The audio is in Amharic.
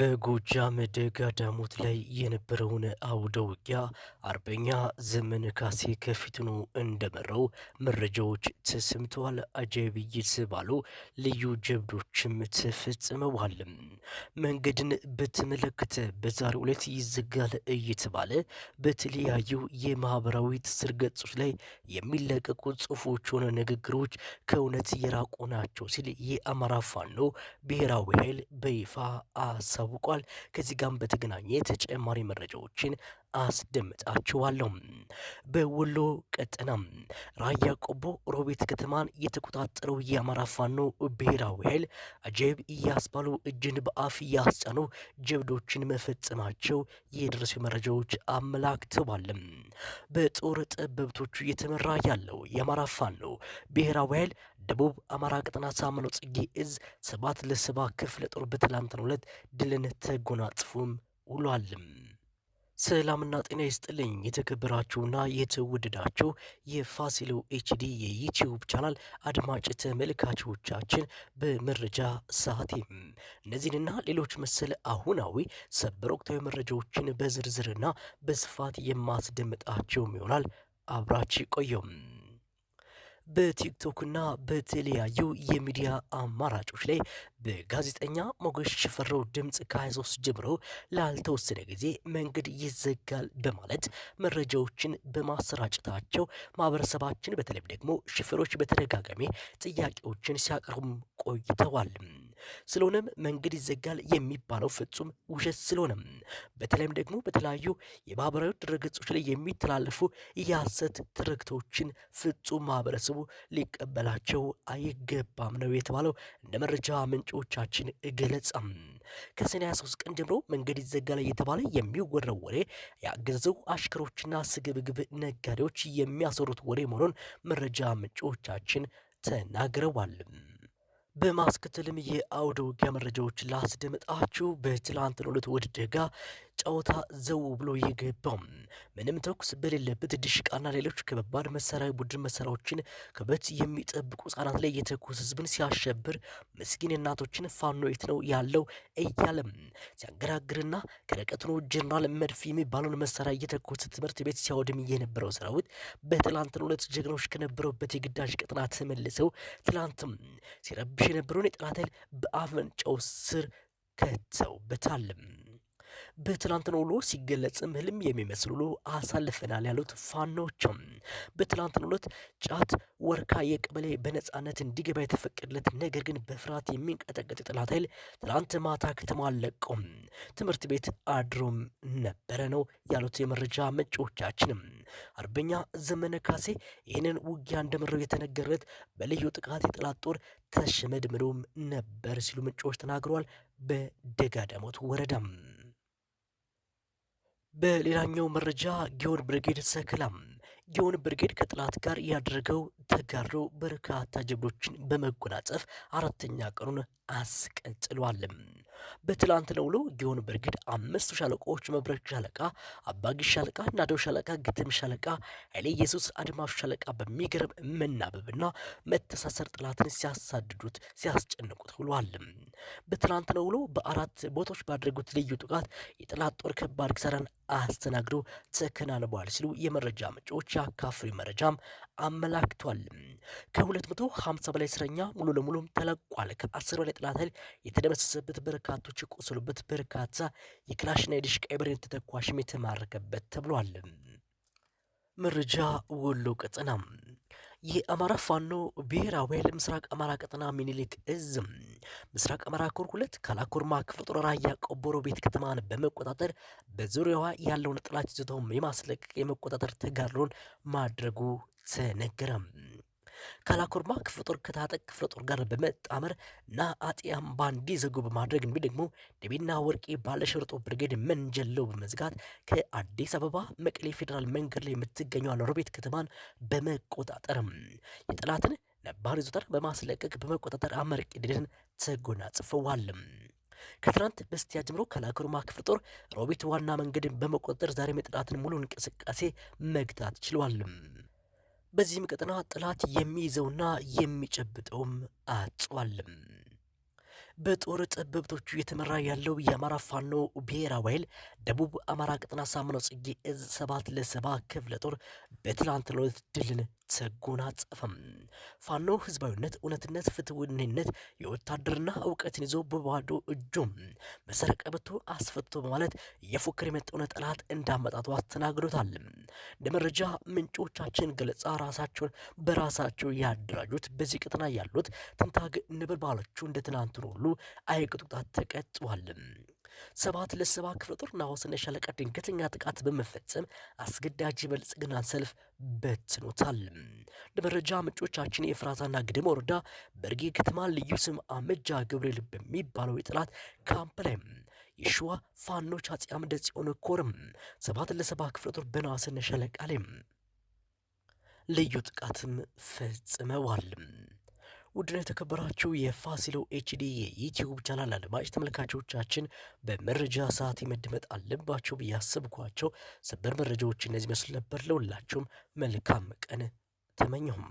በጎጃም ደጋ ዳሞት ላይ የነበረውን አውደ ውጊያ አርበኛ ዘመን ካሴ ከፊት ሆኖ እንደመራው መረጃዎች ተሰምተዋል። አጀብ የተባሉ ልዩ ጀብዶችም ተፈጽመዋል። መንገድን በተመለከተ በዛሬው ዕለት ይዘጋል እየተባለ በተለያዩ የማህበራዊ ትስስር ገጾች ላይ የሚለቀቁ ጽሁፎች ሆነ ንግግሮች ከእውነት የራቁ ናቸው ሲል የአማራ ፋኖ ብሔራዊ ኃይል በይፋ አሳ አሳውቋል። ከዚህ ጋርም በተገናኘ ተጨማሪ መረጃዎችን አስደምጣችኋለሁ። በወሎ ቀጠና ራያ ቆቦ ሮቤት ከተማን የተቆጣጠረው የአማራ ፋኖ ብሔራዊ ኃይል አጀብ እያስባሉ እጅን በአፍ እያስጫኑ ጀብዶችን መፈጸማቸው የደረሱ መረጃዎች አመላክተዋል። በጦር ጠበብቶቹ እየተመራ ያለው የአማራ ፋኖ ብሔራዊ ኃይል ደቡብ አማራ ቀጠና ሳምነው ጽጌ እዝ ሰባት ለሰባ ክፍለ ጦር በትላንትናው ዕለት ድልን ተጎናጽፎም ውሏልም። ሰላምና ጤና ይስጥልኝ የተከበራችሁና የተወደዳችሁ የፋሲሎ ኤችዲ የዩትዩብ ቻናል አድማጭ ተመልካቾቻችን በመረጃ ሰዓቴም እነዚህንና ሌሎች መሰል አሁናዊ ሰበር ወቅታዊ መረጃዎችን በዝርዝርና በስፋት የማስደምጣቸውም ይሆናል። አብራች ቆየም በቲክቶክና በተለያዩ የሚዲያ አማራጮች ላይ በጋዜጠኛ ሞገስ ሽፈረው ድምፅ ከ23 ጀምሮ ላልተወሰነ ጊዜ መንገድ ይዘጋል በማለት መረጃዎችን በማሰራጨታቸው ማህበረሰባችን በተለይም ደግሞ ሽፈሮች በተደጋጋሚ ጥያቄዎችን ሲያቀርቡም ቆይተዋል። ስለሆነም መንገድ ይዘጋል የሚባለው ፍጹም ውሸት ስለሆነ በተለይም ደግሞ በተለያዩ የማህበራዊ ድረገጾች ላይ የሚተላለፉ የሐሰት ትርክቶችን ፍጹም ማህበረሰቡ ሊቀበላቸው አይገባም ነው የተባለው። እንደ መረጃ ምንጮቻችን እገለጻ ከሰኔ 23 ቀን ጀምሮ መንገድ ይዘጋል እየተባለ የሚወራው ወሬ የአገዛዙ አሽከሮችና ስግብግብ ነጋዴዎች የሚያሰሩት ወሬ መሆኑን መረጃ ምንጮቻችን ተናግረዋልም። በማስከተልም የአውደ ውጊያ መረጃዎች ላስደምጣችሁ። በትላንትናው ዕለት ወደ ደጋ ጨዋታ ዘው ብሎ የገባው ምንም ተኩስ በሌለበት ድሽቃና ሌሎች ከባድ መሳሪያ ቡድን መሳሪያዎችን ከበት የሚጠብቁ ህጻናት ላይ የተኩስ ህዝብን ሲያሸብር ምስኪን እናቶችን ፋኖ የት ነው ያለው እያለም ሲያገራግርና ከርቀት ሆኖ ጀነራል መድፍ የሚባለውን መሳሪያ እየተኮሰ ትምህርት ቤት ሲያወድም የነበረው ሰራዊት በትላንትናው ሁለት ጀግኖች ከነበረበት የግዳጅ ቀጠና ተመልሰው ትላንትም ሲረብሽ የነበረውን የጠላት ኃይል በአፍንጫው ስር ከተውበታል። በትላንትናው ውሎ ሲገለጽም ህልም የሚመስል ውሎ አሳልፈናል ያሉት ፋኖዎችም በትላንትናው ዕለት ጫት ወርካ የቀበሌ በነጻነት እንዲገባ የተፈቀደለት ነገር ግን በፍርሃት የሚንቀጠቀጥ የጠላት ኃይል ትላንት ማታ ከተማ አለቀውም ትምህርት ቤት አድሮም ነበረ ነው ያሉት የመረጃ ምንጮቻችንም። አርበኛ ዘመነ ካሴ ይህንን ውጊያ እንደመረው የተነገረለት በልዩ ጥቃት የጠላት ጦር ተሸመድምዶም ነበር ሲሉ ምንጮች ተናግረዋል። በደጋዳሞት ወረዳም በሌላኛው መረጃ ጊዮን ብርጌድ ሰከላም ጊዮን ብርጌድ ከጥላት ጋር ያደረገው ተጋድሎ በርካታ ጀብዶችን በመጎናጸፍ አራተኛ ቀኑን አስቀጥሏል። በትላንትናው ውሎ ጊዮን ብርጌድ አምስቱ ሻለቃዎች መብረቅ ሻለቃ፣ አባጊ ሻለቃ፣ ናደው ሻለቃ፣ ግትም ሻለቃ፣ ኃይሌ ኢየሱስ አድማሹ ሻለቃ በሚገርም መናበብና መተሳሰር ጥላትን ሲያሳድዱት ሲያስጨንቁት ውሏል። በትላንትናው ውሎ በአራት ቦታዎች ባደረጉት ልዩ ጥቃት የጥላት ጦር ከባድ ኪሳራን አስተናግዶ ተከናንቧል ሲሉ የመረጃ ምንጮች ያካፍሉ መረጃም አመላክቷል። ከ250 በላይ እስረኛ ሙሉ ለሙሉ ተለቋል። ከ10 በላይ ጠላት ኃይል የተደመሰሰበት፣ በርካቶች የቆሰሉበት፣ በርካታ የክላሽና የዲሽቃ የብሬን ተተኳሽም የተማረከበት ተብሏል። መረጃ ወሎ ቀጠና የአማራ ፋኖ ብሔራዊ ኃይል ምስራቅ አማራ ቀጠና ሚኒሊክ እዝ ምስራቅ አማራ ኮር ሁለት ካላኮርማ ክፍለ ጦር ራያ ቆቦሮ ቤት ከተማን በመቆጣጠር በዙሪያዋ ያለውን ጠላት ይዞታውን የማስለቀቅ የመቆጣጠር ተጋድሎን ማድረጉ ተነገረም። ካላኮርማ ክፍለ ጦር ከታጠቅ ክፍለ ጦር ጋር በመጣመር ና አጢያም ባንዲ ዘጉ በማድረግ እንዲህ ደግሞ ደቤና ወርቄ ባለሸርጦ ብርጌድ መንጀለው በመዝጋት ከአዲስ አበባ መቀሌ ፌዴራል መንገድ ላይ የምትገኘው ሮቤት ከተማን በመቆጣጠርም የጠላትን ነባር ይዞታን በማስለቀቅ በመቆጣጠር አመርቂ ድልን ተጎናጽፈዋል። ከትናንት በስቲያ ጀምሮ ካላኮርማ ክፍለ ጦር ሮቤት ዋና መንገድን በመቆጣጠር ዛሬም የጠላትን ሙሉ እንቅስቃሴ መግታት ችሏልም። በዚህም ቀጠና ጥላት የሚይዘውና የሚጨብጠውም አጽዋልም በጦር ጠበብቶቹ የተመራ ያለው የአማራ ፋኖ ብሔራዊ ኃይል ደቡብ አማራ ቅጥና ሳምነው ጽጌ እዝ ሰባት ለሰባ ክፍለ ጦር በትላንትናው ዕለት ድልን ተጎናጸፈም። ፋኖ ህዝባዊነት፣ እውነትነት፣ ፍትውንነት የወታደርና እውቀትን ይዞ በባዶ እጁ በሰር ቀበቶ አስፈትቶ በማለት እየፎከረ የመጣውን ጠላት እንዳመጣቱ አስተናግዶታል። እንደ መረጃ ምንጮቻችን ገለጻ ራሳቸውን በራሳቸው ያደራጁት በዚህ ቀጠና ያሉት ትንታግ ነበልባሎቹ እንደ ትናንትን ሁሉ አይቅጡ ቅጣት ተቀጥቷል። ሰባት ለሰባ ክፍለ ጦር እና ሻለቃ ድንገተኛ ጥቃት በመፈጸም አስገዳጅ የብልጽግናን ሰልፍ በትኖታል። ለመረጃ ምንጮቻችን የፍራታና ግድም ወረዳ በርጌ ከተማ ልዩ ስም አመጃ ገብርኤል በሚባለው የጠላት ካምፕ ላይ የሸዋ ፋኖች አፄ አምደ ጽዮን ኮርም ሰባት ለሰባ ክፍለ ጦር በሆሰና ሻለቃ ላይ ልዩ ጥቃትም ፈጽመዋል። ውድን የተከበራችሁ የፋሲሎ ኤችዲ የዩትዩብ ቻናል አድማጭ ተመልካቾቻችን በመረጃ ሰዓት መደመጥ አለባቸው ብያስብኳቸው ሰበር መረጃዎች እነዚህ መስሉ ነበር። ለሁላችሁም መልካም ቀን ተመኘሁም።